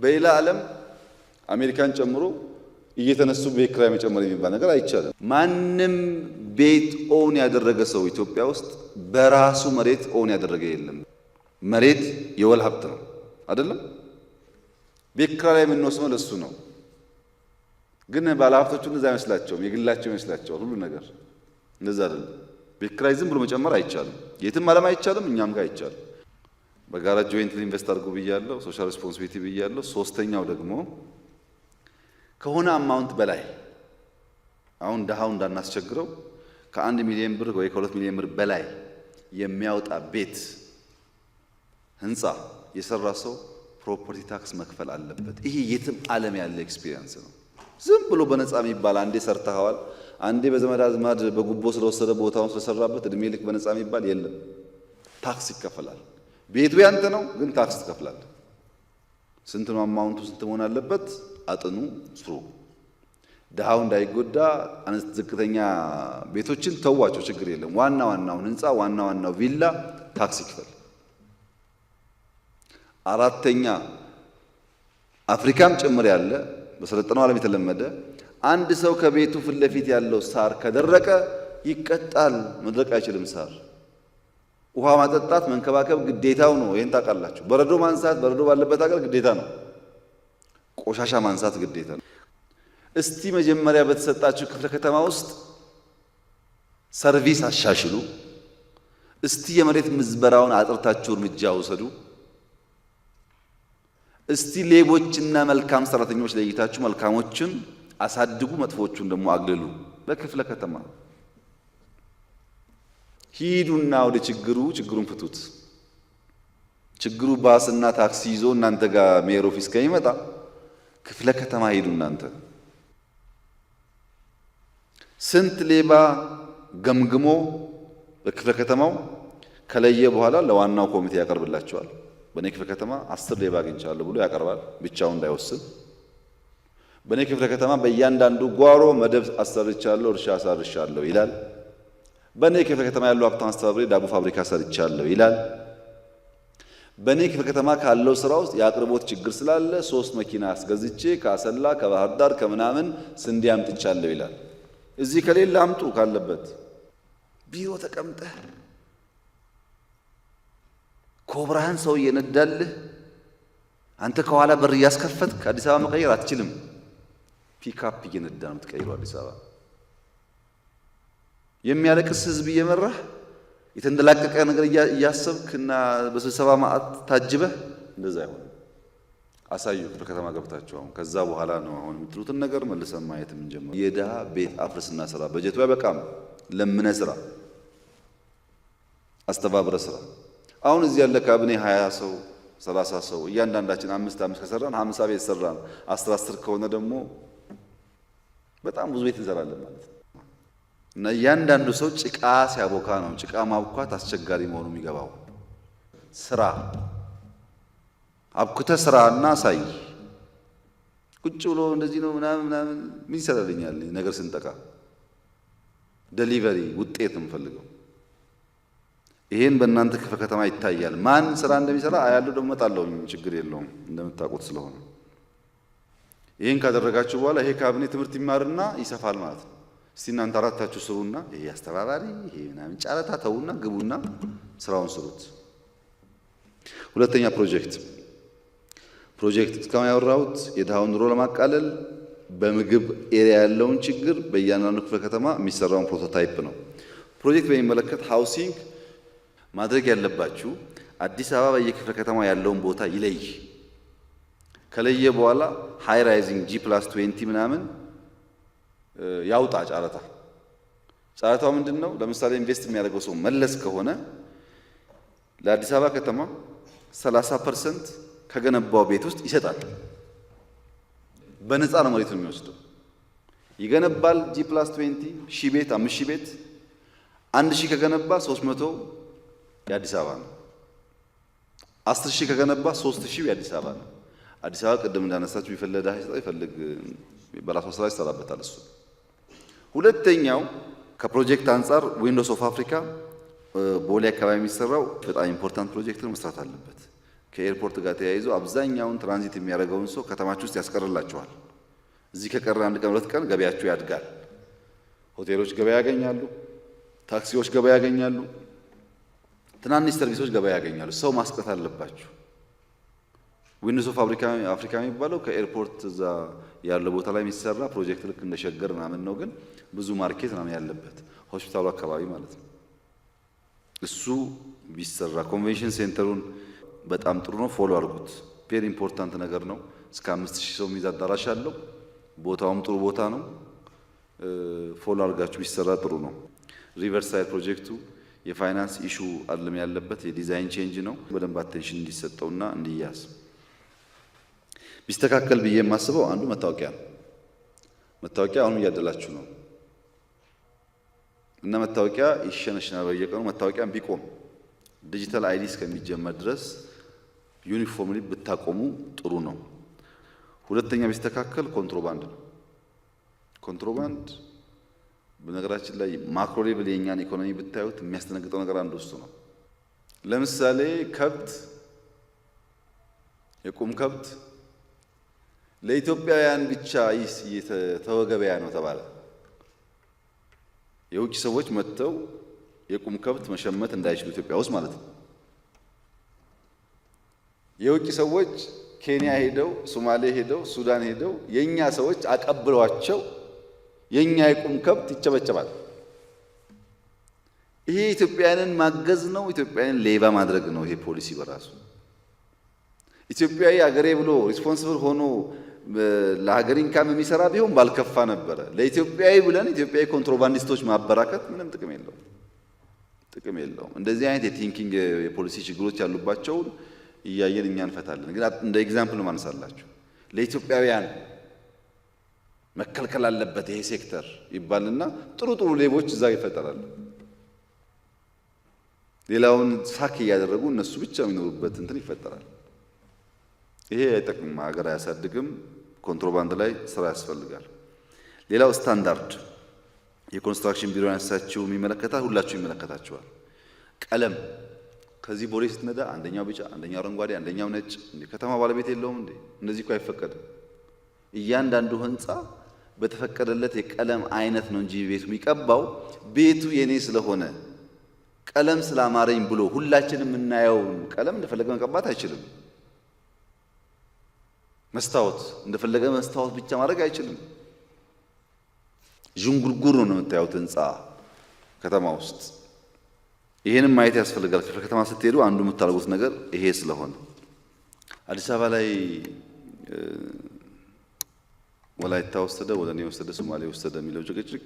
በሌላ ዓለም አሜሪካን ጨምሮ እየተነሱ ቤት ኪራይ መጨመር የሚባል ነገር አይቻልም። ማንም ቤት ኦን ያደረገ ሰው ኢትዮጵያ ውስጥ በራሱ መሬት ኦን ያደረገ የለም። መሬት የወል ሀብት ነው አይደለም? ቤት ኪራይ ላይ የምንወስነው ለሱ ነው። ግን ባለሀብቶቹ እንደዛ አይመስላቸውም፣ የግላቸው ይመስላቸዋል ሁሉ ነገር። እንደዛ አይደለም። ቤት ዝም ብሎ መጨመር አይቻልም፣ የትም ዓለም አይቻልም፣ እኛም ጋር አይቻልም። በጋራ ጆይንት ኢንቨስት አድርጉ ብያለሁ። ሶሻል ሪስፖንሲቢሊቲ ብያለሁ። ሶስተኛው ደግሞ ከሆነ አማውንት በላይ አሁን ድሃው እንዳናስቸግረው ከአንድ ሚሊዮን ብር ወይ ከሁለት ሚሊዮን ብር በላይ የሚያወጣ ቤት ህንፃ የሰራ ሰው ፕሮፐርቲ ታክስ መክፈል አለበት። ይሄ የትም ዓለም ያለ ኤክስፒሪየንስ ነው። ዝም ብሎ በነፃ የሚባል አንዴ ሰርተኸዋል፣ አንዴ በዘመድ አዝማድ በጉቦ ስለወሰደ ቦታውን ስለሰራበት እድሜ ልክ በነፃ የሚባል የለም። ታክስ ይከፈላል። ቤቱ ያንተ ነው፣ ግን ታክስ ትከፍላለህ። ስንት ነው አማውንቱ? ስንት መሆን አለበት? አጥኑ፣ ስሩ። ድሃው እንዳይጎዳ ዝቅተኛ ቤቶችን ተዋቸው፣ ችግር የለም። ዋና ዋናውን ህንፃ፣ ዋና ዋናው ቪላ ታክስ ይክፈል። አራተኛ አፍሪካም ጭምር ያለ በሰለጠነው ዓለም የተለመደ አንድ ሰው ከቤቱ ፊት ለፊት ያለው ሳር ከደረቀ ይቀጣል። መድረቅ አይችልም ሳር ውሃ ማጠጣት መንከባከብ ግዴታው ነው። ይህን ታውቃላችሁ። በረዶ ማንሳት በረዶ ባለበት ሀገር ግዴታ ነው። ቆሻሻ ማንሳት ግዴታ ነው። እስቲ መጀመሪያ በተሰጣችሁ ክፍለ ከተማ ውስጥ ሰርቪስ አሻሽሉ። እስቲ የመሬት ምዝበራውን አጥርታችሁ እርምጃ ውሰዱ። እስቲ ሌቦችና መልካም ሰራተኞች ለይታችሁ መልካሞችን አሳድጉ፣ መጥፎቹን ደግሞ አግልሉ። በክፍለ ከተማ ሂዱና ወደ ችግሩ ችግሩን ፍቱት። ችግሩ ባስና ታክሲ ይዞ እናንተ ጋር ሜየር ኦፊስ ከሚመጣ ክፍለ ከተማ ሂዱ። እናንተ ስንት ሌባ ገምግሞ በክፍለ ከተማው ከለየ በኋላ ለዋናው ኮሚቴ ያቀርብላቸዋል። በእኔ ክፍለ ከተማ አስር ሌባ አግኝቻለሁ ብሎ ያቀርባል፣ ብቻውን እንዳይወስን። በእኔ ክፍለ ከተማ በእያንዳንዱ ጓሮ መደብ አሰርቻለሁ፣ እርሻ አሳርሻለሁ ይላል። በእኔ ክፍለ ከተማ ያለው ሀብታም አስተባብሬ ዳቦ ፋብሪካ ሰርቻለሁ ይላል። በእኔ ክፍለ ከተማ ካለው ስራ ውስጥ የአቅርቦት ችግር ስላለ ሶስት መኪና አስገዝቼ ከአሰላ ከባህር ዳር ከምናምን ስንዴ አምጥቻለሁ ይላል። እዚህ ከሌለ አምጡ ካለበት ቢሮ ተቀምጠህ ኮብራህን ሰው እየነዳልህ አንተ ከኋላ በር እያስከፈትክ አዲስ አበባ መቀየር አትችልም። ፒክአፕ እየነዳ ነው የምትቀይረው አዲስ አበባ የሚያለቅስ ህዝብ እየመራህ የተንደላቀቀ ነገር እያሰብክ እና በስብሰባ ማዕት ታጅበህ እንደዛ አይሆንም። አሳዩ ክፍለ ከተማ ገብታችሁ አሁን ከዛ በኋላ ነው አሁን የምትሉትን ነገር መልሰን ማየት የምንጀምረው። የድሃ ቤት አፍርስና ስራ በጀቱ አይበቃም። ለምነ ስራ፣ አስተባብረ ስራ። አሁን እዚህ ያለ ካቢኔ ሀያ ሰው ሰላሳ ሰው እያንዳንዳችን አምስት አምስት ከሰራን ሀምሳ ቤት ሰራን። አስር አስር ከሆነ ደግሞ በጣም ብዙ ቤት እንሰራለን ማለት ነው። እና እያንዳንዱ ሰው ጭቃ ሲያቦካ ነው ጭቃ ማብኳት አስቸጋሪ መሆኑ የሚገባው። ስራ አብኩተ ስራ እና አሳይ። ቁጭ ብሎ እንደዚህ ነው ምናምን ምናምን ምን ይሰራልኛል? ነገር ስንጠቃ ደሊቨሪ ውጤት ነው የምፈልገው። ይሄን በእናንተ ክፍለ ከተማ ይታያል። ማን ስራ እንደሚሰራ አያለሁ፣ ደግሞ እመጣለሁ። ችግር የለውም እንደምታውቁት ስለሆነ ይህን ካደረጋችሁ በኋላ ይሄ ካቢኔ ትምህርት ይማርና ይሰፋል ማለት ነው። እስቲ እናንተ አራታችሁ ስሩና ይሄ አስተባባሪ ይሄ ምናምን ጨረታ ተዉና ግቡና ስራውን ስሩት። ሁለተኛ ፕሮጀክት ፕሮጀክት እስካሁን ያወራሁት የድሃውን ኑሮ ለማቃለል በምግብ ኤሪያ ያለውን ችግር በእያንዳንዱ ክፍለ ከተማ የሚሰራውን ፕሮቶታይፕ ነው። ፕሮጀክት በሚመለከት ሃውሲንግ ማድረግ ያለባችሁ አዲስ አበባ በየክፍለ ከተማ ያለውን ቦታ ይለይ። ከለየ በኋላ ሃይ ራይዚንግ ጂ ፕላስ 20 ምናምን ያውጣ ጨረታ። ጨረታው ምንድን ነው? ለምሳሌ ኢንቨስት የሚያደርገው ሰው መለስ ከሆነ ለአዲስ አበባ ከተማ 30 ፐርሰንት ከገነባው ቤት ውስጥ ይሰጣል። በነፃ ነው መሬቱን የሚወስደው። ይገነባል። ጂ ፕላስ 20 ሺ ቤት አምስት ሺህ ቤት አንድ ሺህ ከገነባ 300 የአዲስ አበባ ነው። አስር ሺህ ከገነባ ሶስት ሺህ የአዲስ አበባ ነው። አዲስ አበባ ቅድም እንዳነሳችሁ ይፈልግ ይፈልግ በራሷ ስራ ይሰራበታል እሱ ሁለተኛው ከፕሮጀክት አንጻር ዊንዶስ ኦፍ አፍሪካ ቦሌ አካባቢ የሚሰራው በጣም ኢምፖርታንት ፕሮጀክት መስራት አለበት። ከኤርፖርት ጋር ተያይዞ አብዛኛውን ትራንዚት የሚያደርገውን ሰው ከተማች ውስጥ ያስቀርላቸዋል። እዚህ ከቀረ አንድ ቀን ሁለት ቀን ገበያቸው ያድጋል። ሆቴሎች ገበያ ያገኛሉ፣ ታክሲዎች ገበያ ያገኛሉ፣ ትናንሽ ሰርቪሶች ገበያ ያገኛሉ። ሰው ማስቀት አለባችሁ። ዊንድስ ኦፍ አፍሪካ የሚባለው ከኤርፖርት እዛ ያለው ቦታ ላይ የሚሰራ ፕሮጀክት ልክ እንደ ሸገር ምናምን ነው፣ ግን ብዙ ማርኬት ምናምን ያለበት ሆስፒታሉ አካባቢ ማለት ነው። እሱ ቢሰራ ኮንቬንሽን ሴንተሩን በጣም ጥሩ ነው፣ ፎሎ አድርጉት። ቬሪ ኢምፖርታንት ነገር ነው። እስከ አምስት ሺህ ሰው የሚይዝ አዳራሽ አለው። ቦታውም ጥሩ ቦታ ነው። ፎሎ አድርጋችሁ ቢሰራ ጥሩ ነው። ሪቨርሳይድ ፕሮጀክቱ የፋይናንስ ኢሹ አለም ያለበት የዲዛይን ቼንጅ ነው። በደንብ አቴንሽን እንዲሰጠውና እንዲያዝ ቢስተካከል ብዬ የማስበው አንዱ መታወቂያ ነው። መታወቂያ አሁንም እያደላችሁ ነው እና መታወቂያ ይሸነሽናል በየቀኑ መታወቂያ ቢቆም ዲጂታል አይዲ እስከሚጀመር ድረስ ዩኒፎርምሊ ብታቆሙ ጥሩ ነው። ሁለተኛ ቢስተካከል ኮንትሮባንድ ነው። ኮንትሮባንድ በነገራችን ላይ ማክሮ ሌቭል የእኛን ኢኮኖሚ ብታዩት የሚያስደነግጠው ነገር አንዱ እሱ ነው። ለምሳሌ ከብት የቁም ከብት ለኢትዮጵያውያን ብቻ ተወገበያ ነው ተባለ። የውጭ ሰዎች መጥተው የቁም ከብት መሸመት እንዳይችሉ ኢትዮጵያ ውስጥ ማለት ነው። የውጭ ሰዎች ኬንያ ሄደው፣ ሶማሌ ሄደው፣ ሱዳን ሄደው የእኛ ሰዎች አቀብለዋቸው የእኛ የቁም ከብት ይቸበቸባል። ይሄ ኢትዮጵያውያንን ማገዝ ነው። ኢትዮጵያውያንን ሌባ ማድረግ ነው። ይሄ ፖሊሲ በራሱ ኢትዮጵያዊ አገሬ ብሎ ሪስፖንስብል ሆኖ ለሀገር ኢንካም የሚሰራ ቢሆን ባልከፋ ነበረ። ለኢትዮጵያዊ ብለን ኢትዮጵያዊ ኮንትሮባንዲስቶች ማበራከት ምንም ጥቅም የለውም፣ ጥቅም የለውም። እንደዚህ አይነት የቲንኪንግ የፖሊሲ ችግሮች ያሉባቸውን እያየን እኛ እንፈታለን። ግን እንደ ኤግዛምፕል ማነሳላችሁ። ለኢትዮጵያውያን መከልከል አለበት ይሄ ሴክተር ይባልና ጥሩ ጥሩ ሌቦች እዛ ይፈጠራሉ። ሌላውን ሳክ እያደረጉ እነሱ ብቻ የሚኖሩበት እንትን ይፈጠራል። ይሄ አይጠቅም፣ ሀገር አያሳድግም። ኮንትሮባንድ ላይ ስራ ያስፈልጋል። ሌላው ስታንዳርድ የኮንስትራክሽን ቢሮ ያነሳችው የሚመለከታል፣ ሁላችሁ ይመለከታችኋል። ቀለም ከዚህ ቦሌ ስትነዳ አንደኛው ቢጫ፣ አንደኛው አረንጓዴ፣ አንደኛው ነጭ። እንደ ከተማ ባለቤት የለውም እንዴ? እነዚህ እኮ አይፈቀድም። እያንዳንዱ ህንፃ በተፈቀደለት የቀለም አይነት ነው እንጂ ቤቱ የሚቀባው ቤቱ የኔ ስለሆነ ቀለም ስላማረኝ ብሎ ሁላችንም የምናየውን ቀለም እንደፈለገ መቀባት አይችልም። መስታወት እንደፈለገ መስታወት ብቻ ማድረግ አይችልም። ዥንጉርጉር ነው የምታዩት ህንፃ ከተማ ውስጥ። ይሄንም ማየት ያስፈልጋል። ክፍለ ከተማ ስትሄዱ አንዱ የምታደርጉት ነገር ይሄ ስለሆነ አዲስ አበባ ላይ ወላይታ ወሰደ፣ እኔ ወሰደ፣ ሶማሌ ወሰደ የሚለው ጭቅጭቅ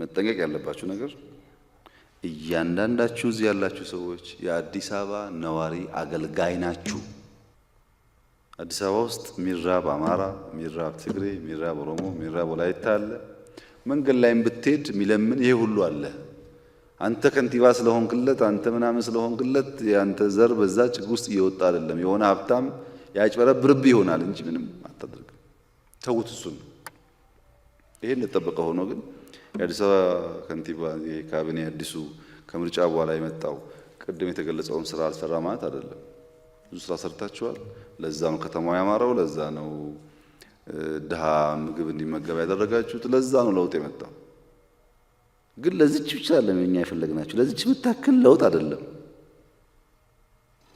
መጠንቀቅ ያለባችሁ ነገር እያንዳንዳችሁ እዚህ ያላችሁ ሰዎች የአዲስ አበባ ነዋሪ አገልጋይ ናችሁ። አዲስ አበባ ውስጥ ሚራብ አማራ፣ ሚራብ ትግሬ፣ ሚራብ ኦሮሞ፣ ሚራብ ወላይታ አለ። መንገድ ላይም ብትሄድ የሚለምን ይሄ ሁሉ አለ። አንተ ከንቲባ ስለሆንክለት፣ አንተ ምናምን ስለሆንክለት የአንተ ዘር በዛ ችግር ውስጥ እየወጣ አይደለም። የሆነ ሀብታም ያጭበረብርብ ይሆናል እንጂ ምንም አታደርግም። ተውት እሱን። ይሄ እንደጠበቀ ሆኖ ግን የአዲስ አበባ ከንቲባ ካቢኔ አዲሱ ከምርጫ በኋላ የመጣው ቅድም የተገለጸውን ስራ አልሰራ ማለት አይደለም። ብዙ ስራ ሰርታችኋል። ለዛ ነው ከተማው ያማረው፣ ለዛ ነው ድሃ ምግብ እንዲመገብ ያደረጋችሁት፣ ለዛ ነው ለውጥ የመጣው። ግን ለዚች ብቻ አለም እኛ የፈለግናችሁ ለዚች ብታክል ለውጥ አይደለም።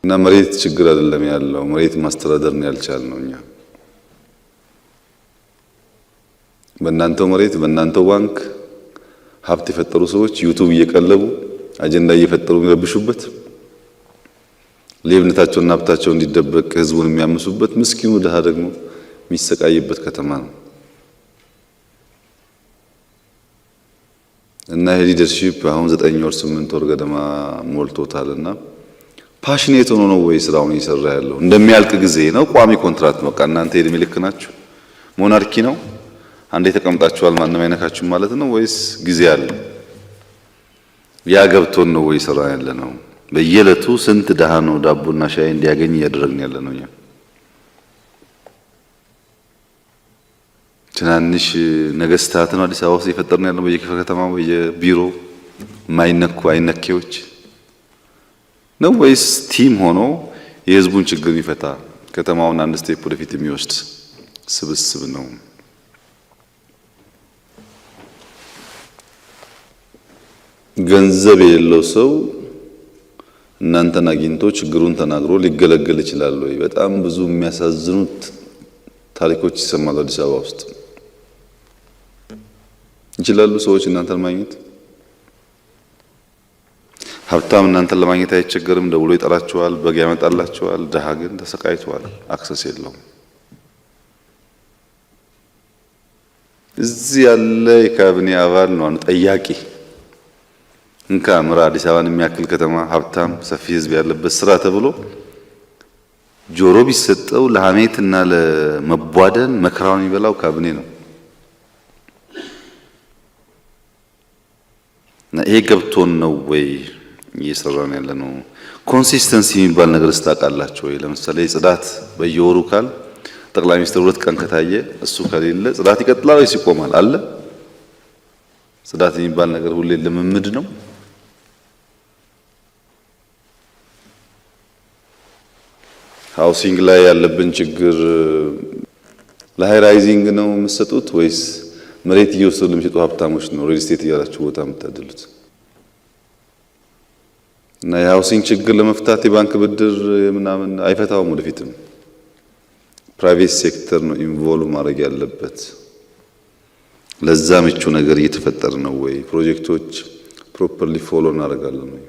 እና መሬት ችግር አይደለም ያለው መሬት ማስተዳደር ነው ነው እኛ። በእናንተው መሬት በእናንተው ባንክ ሀብት የፈጠሩ ሰዎች ዩቱብ እየቀለቡ አጀንዳ እየፈጠሩ የሚረብሹበት ሌብነታቸውና ሀብታቸው እንዲደበቅ ህዝቡን የሚያምሱበት፣ ምስኪኑ ድሃ ደግሞ የሚሰቃይበት ከተማ ነው እና ይህ ሊደርሺፕ አሁን ዘጠኝ ወር ስምንት ወር ገደማ ሞልቶታል እና ፓሽኔት ሆኖ ነው ወይ ስራውን እየሰራ ያለው? እንደሚያልቅ ጊዜ ነው ቋሚ ኮንትራት ነው። በቃ እናንተ የእድሜ ልክ ናችሁ። ሞናርኪ ነው። አንዴ ተቀምጣችኋል፣ ማንም አይነካችሁም ማለት ነው ወይስ ጊዜ አለ? ያ ገብቶን ነው ወይ ስራ ያለ ነው? በየዕለቱ ስንት ድሃ ነው ዳቦና ሻይ እንዲያገኝ እያደረግን ያለ ነው። እኛ ትናንሽ ነገስታት ነው አዲስ አበባ ውስጥ እየፈጠርን ያለው በየክፍለ ከተማ በየቢሮ የማይነኩ አይነኬዎች ነው ወይስ ቲም ሆኖ የህዝቡን ችግር የሚፈታ ከተማውን አንድ ስቴፕ ወደፊት የሚወስድ ስብስብ ነው? ገንዘብ የሌለው ሰው እናንተን አግኝቶ ችግሩን ተናግሮ ሊገለገል ይችላል ወይ? በጣም ብዙ የሚያሳዝኑት ታሪኮች ይሰማሉ። አዲስ አበባ ውስጥ ይችላሉ ሰዎች እናንተን ማግኘት። ሀብታም እናንተን ለማግኘት አይቸገርም። ደውሎ ይጠራችኋል፣ በግ ያመጣላችኋል። ድሃ ግን ተሰቃይቷል፣ አክሰስ የለውም። እዚህ ያለ የካቢኔ አባል ነው ጠያቂ እንካ ምራ አዲስ አበባን የሚያክል ከተማ ሀብታም ሰፊ ህዝብ ያለበት ስራ ተብሎ ጆሮ ቢሰጠው ለሀሜትና ለመቧደን መከራውን የሚበላው ካቢኔ ነው። ይሄ ገብቶን ነው ወይ ነው ያለ ነው? ኮንሲስተንሲ የሚባል ነገር ስታውቃላችሁ ወይ? ለምሳሌ ጽዳት በየወሩ ካል ጠቅላይ ሚኒስትር ሁለት ቀን ከታየ እሱ ከሌለ ጽዳት ይቀጥላል ወይስ ይቆማል? አለ ጽዳት የሚባል ነገር ሁሌ ልምምድ ነው። ሃውሲንግ ላይ ያለብን ችግር ለሃይ ራይዚንግ ነው የምትሰጡት ወይስ መሬት እየወሰዱ ለሚሸጡ ሀብታሞች ነው ሪል ስቴት እያላችሁ ቦታ የምታደሉት? እና የሃውሲንግ ችግር ለመፍታት የባንክ ብድር ምናምን አይፈታውም። ወደፊትም ፕራይቬት ሴክተር ነው ኢንቮልቭ ማድረግ ያለበት። ለዛ ምቹ ነገር እየተፈጠረ ነው ወይ? ፕሮጀክቶች ፕሮፐርሊ ፎሎ እናደርጋለን ወይ?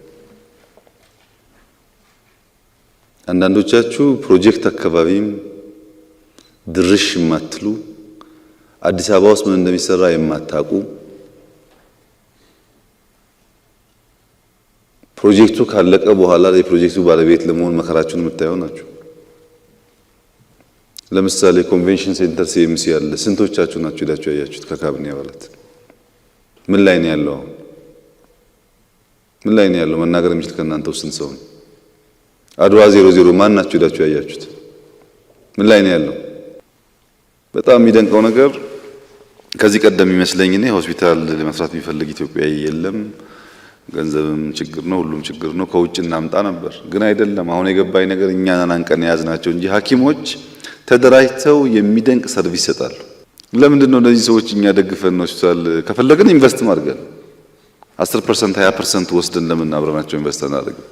አንዳንዶቻችሁ ፕሮጀክት አካባቢም ድርሽ የማትሉ አዲስ አበባ ውስጥ ምን እንደሚሰራ የማታውቁ ፕሮጀክቱ ካለቀ በኋላ የፕሮጀክቱ ባለቤት ለመሆን መከራችሁን የምታየው ናቸው። ለምሳሌ ኮንቬንሽን ሴንተር ሲኤምሲ ያለ ስንቶቻችሁ ናችሁ ሄዳችሁ ያያችሁት? ከካቢኔ አባላት ምን ላይ ነው ያለው? ምን ላይ ነው ያለው? መናገር የሚችል ከእናንተ ውስጥ ስንት ሰው ነው? አድዋ ዜሮ ዜሮ ማን ናችሁ ሄዳችሁ ያያችሁት? ምን ላይ ነው ያለው? በጣም የሚደንቀው ነገር ከዚህ ቀደም የሚመስለኝ እኔ ሆስፒታል ለመስራት የሚፈልግ ኢትዮጵያዊ የለም፣ ገንዘብም ችግር ነው፣ ሁሉም ችግር ነው፣ ከውጭ እናምጣ ነበር። ግን አይደለም። አሁን የገባኝ ነገር እኛ ናናንቀን የያዝናቸው እንጂ ሐኪሞች ተደራጅተው የሚደንቅ ሰርቪስ ይሰጣሉ። ለምንድን ነው እነዚህ ሰዎች እኛ ደግፈን ሆስፒታል ከፈለግን ኢንቨስት ማድርገን 10 ፐርሰንት ሀያ ፐርሰንት ወስደን ለምን አብረናቸው ኢንቨስት አናደርግም?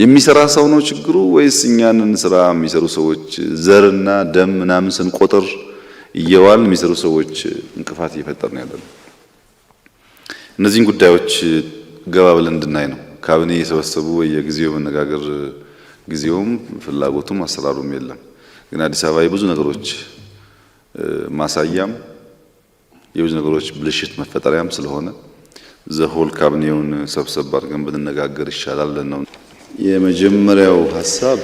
የሚሰራ ሰው ነው ችግሩ ወይስ እኛንን ስራ የሚሰሩ ሰዎች ዘርና ደም ምናምን ስንቆጥር እየዋል የሚሰሩ ሰዎች እንቅፋት እየፈጠር ነው ያለነው? እነዚህን ጉዳዮች ገባ ብለን እንድናይ ነው ካቢኔ የሰበሰቡ የጊዜው መነጋገር ጊዜውም ፍላጎቱም አሰራሩም የለም። ግን አዲስ አበባ የብዙ ነገሮች ማሳያም የብዙ ነገሮች ብልሽት መፈጠሪያም ስለሆነ ዘሆል ካቢኔውን ሰብሰብ አድርገን ብንነጋገር ይሻላል ነው። የመጀመሪያው ሀሳብ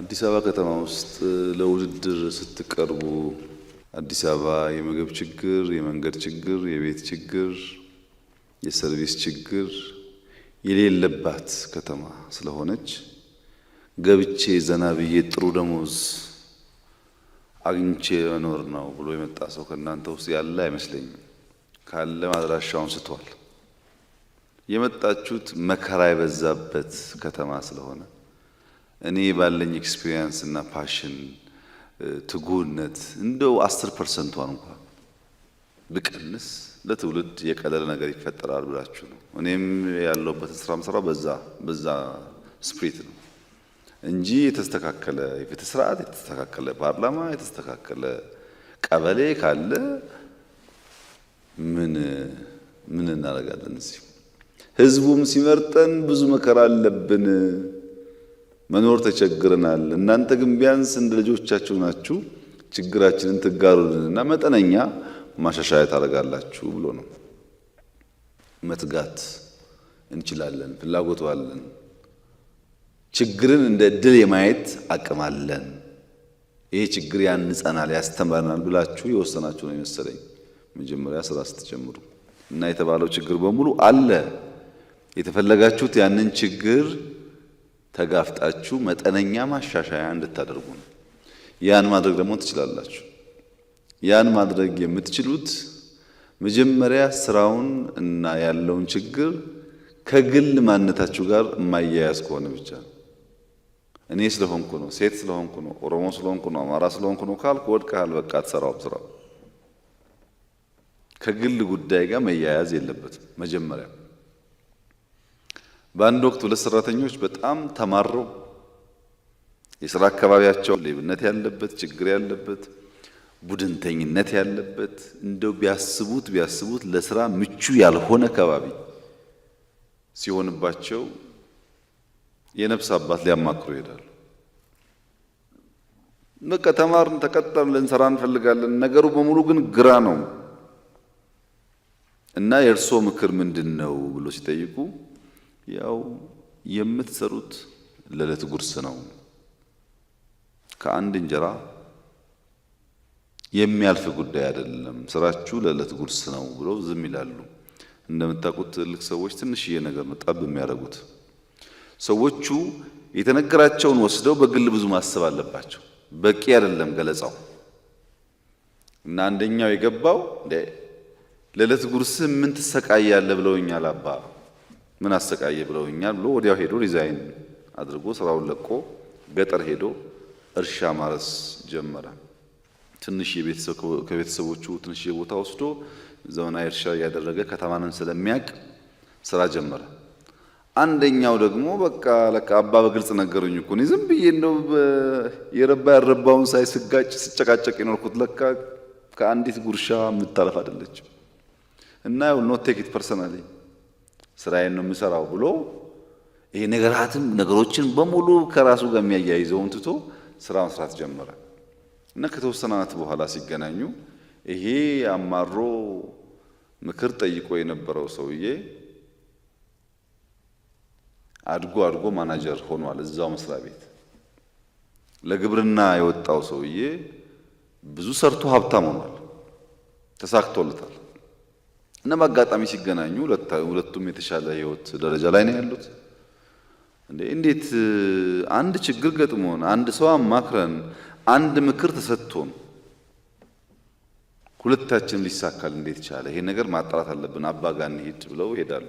አዲስ አበባ ከተማ ውስጥ ለውድድር ስትቀርቡ አዲስ አበባ የምግብ ችግር፣ የመንገድ ችግር፣ የቤት ችግር፣ የሰርቪስ ችግር የሌለባት ከተማ ስለሆነች ገብቼ ዘና ብዬ ጥሩ ደሞዝ አግኝቼ መኖር ነው ብሎ የመጣ ሰው ከእናንተ ውስጥ ያለ አይመስለኝም። ካለ አድራሻውን ስቷል። የመጣችሁት መከራ የበዛበት ከተማ ስለሆነ እኔ ባለኝ ኤክስፒሪየንስ እና ፓሽን ትጉህነት እንደው አስር ፐርሰንቷን እንኳ ብቀንስ ለትውልድ የቀለለ ነገር ይፈጠራል ብላችሁ ነው። እኔም ያለሁበትን ስራ ምሰራው በዛ በዛ ስፕሪት ነው እንጂ የተስተካከለ የፍትህ ስርዓት፣ የተስተካከለ ፓርላማ፣ የተስተካከለ ቀበሌ ካለ ምን ምን እናደርጋለን እዚህ ህዝቡም ሲመርጠን ብዙ መከራ አለብን፣ መኖር ተቸግረናል። እናንተ ግን ቢያንስ እንደ ልጆቻችሁ ናችሁ፣ ችግራችንን ትጋሩልንና መጠነኛ ማሻሻያ ታደርጋላችሁ ብሎ ነው። መትጋት እንችላለን፣ ፍላጎት አለን፣ ችግርን እንደ እድል የማየት አቅም አለን። ይሄ ችግር ያንጸናል፣ ያስተምረናል ብላችሁ የወሰናችሁ ነው የመሰለኝ መጀመሪያ ስራ ስትጀምሩ እና የተባለው ችግር በሙሉ አለ የተፈለጋችሁት ያንን ችግር ተጋፍጣችሁ መጠነኛ ማሻሻያ እንድታደርጉ ነው። ያን ማድረግ ደግሞ ትችላላችሁ። ያን ማድረግ የምትችሉት መጀመሪያ ስራውን እና ያለውን ችግር ከግል ማንነታችሁ ጋር የማያያዝ ከሆነ ብቻ ነው። እኔ ስለሆንኩ ነው፣ ሴት ስለሆንኩ ነው፣ ኦሮሞ ስለሆንኩ ነው፣ አማራ ስለሆንኩ ነው ካልኩ ወድቀሃል። በቃ አትሰራውም ስራው። ከግል ጉዳይ ጋር መያያዝ የለበትም መጀመሪያ በአንድ ወቅት ሁለት ሰራተኞች በጣም ተማረው የስራ አካባቢያቸው ሌብነት ያለበት ችግር ያለበት ቡድንተኝነት ያለበት እንደው ቢያስቡት ቢያስቡት ለስራ ምቹ ያልሆነ ከባቢ ሲሆንባቸው የነፍስ አባት ሊያማክሩ ይሄዳሉ። በቃ ተማርን፣ ተቀጠርን፣ ልንሰራ እንፈልጋለን። ነገሩ በሙሉ ግን ግራ ነው እና የእርስዎ ምክር ምንድን ነው ብሎ ሲጠይቁ ያው የምትሰሩት ለዕለት ጉርስ ነው። ከአንድ እንጀራ የሚያልፍ ጉዳይ አይደለም። ስራችሁ ለዕለት ጉርስ ነው ብለው ዝም ይላሉ። እንደምታውቁት ትልቅ ሰዎች ትንሽዬ ነገር ነው ጣብ የሚያደርጉት። ሰዎቹ የተነገራቸውን ወስደው በግል ብዙ ማሰብ አለባቸው። በቂ አይደለም ገለጻው እና አንደኛው የገባው ለዕለት ጉርስህ ምን ትሰቃያለህ ብለውኛል አባ ምን አሰቃየ ብለውኛል ብሎ ወዲያው ሄዶ ሪዛይን አድርጎ ስራውን ለቆ ገጠር ሄዶ እርሻ ማረስ ጀመረ። ትንሽ ከቤተሰቦቹ ትንሽ ቦታ ወስዶ ዘመናዊ እርሻ እያደረገ ከተማንም ስለሚያቅ ስራ ጀመረ። አንደኛው ደግሞ በቃ ለካ አባ በግልጽ ነገሩኝ እኮ እኔ ዝም ብዬ እንደው የረባ ያረባውን ሳይ ስጋጭ ስጨቃጨቅ የኖርኩት ለካ ከአንዲት ጉርሻ የምታለፍ አይደለችም እና ኖት ቴክ ኢት ፐርሰናሊ ስራዬን ነው የምሰራው ብሎ ይሄ ነገራትም ነገሮችን በሙሉ ከራሱ ጋር የሚያያይዘውን ትቶ ስራ መስራት ጀመረ እና ከተወሰነ ዓመት በኋላ ሲገናኙ ይሄ አማሮ ምክር ጠይቆ የነበረው ሰውዬ አድጎ አድጎ ማናጀር ሆኗል እዛው መስሪያ ቤት። ለግብርና የወጣው ሰውዬ ብዙ ሰርቶ ሀብታም ሆኗል፣ ተሳክቶለታል። እና በአጋጣሚ ሲገናኙ ሁለቱም የተሻለ ህይወት ደረጃ ላይ ነው ያሉት። እንዴት አንድ ችግር ገጥሞን አንድ ሰው አማክረን አንድ ምክር ተሰጥቶን ሁለታችንም ሊሳካል እንዴት ቻለ? ይሄ ነገር ማጣራት አለብን፣ አባ ጋር እንሂድ ብለው ይሄዳሉ።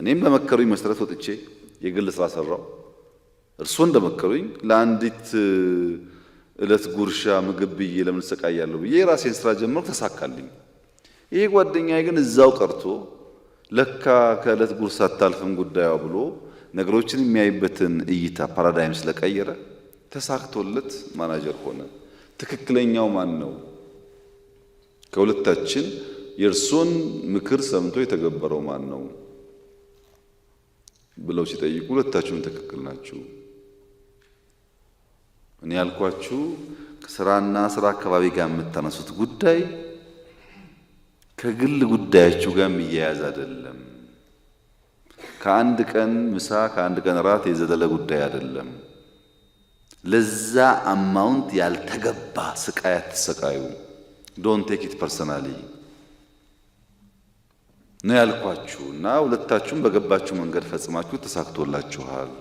እኔም በመከሩኝ መሰረት ወጥቼ የግል ስራ ሰራው። እርስዎ እንደመከሩኝ ለአንዲት እለት ጉርሻ ምግብ ብዬ ለምን ሰቃያለሁ ብዬ የራሴን ስራ ጀምሮ ተሳካልኝ። ይህ ጓደኛዬ ግን እዛው ቀርቶ ለካ ከእለት ጉርስ አታልፍም ጉዳዩ ብሎ ነገሮችን የሚያይበትን እይታ ፓራዳይም ስለቀየረ ተሳክቶለት ማናጀር ሆነ። ትክክለኛው ማን ነው? ከሁለታችን የእርሱን ምክር ሰምቶ የተገበረው ማን ነው ብለው ሲጠይቁ ሁለታችሁም ትክክል ናችሁ። እኔ ያልኳችሁ ከስራና ስራ አካባቢ ጋር የምታነሱት ጉዳይ ከግል ጉዳያችሁ ጋር የሚያያዝ አይደለም። ከአንድ ቀን ምሳ፣ ከአንድ ቀን እራት የዘለለ ጉዳይ አይደለም። ለዛ አማውንት ያልተገባ ስቃይ አትሰቃዩ። ዶንት ቴክ ኢት ፐርሰናሊ ነው ያልኳችሁ እና ሁለታችሁም በገባችሁ መንገድ ፈጽማችሁ ተሳክቶላችኋል።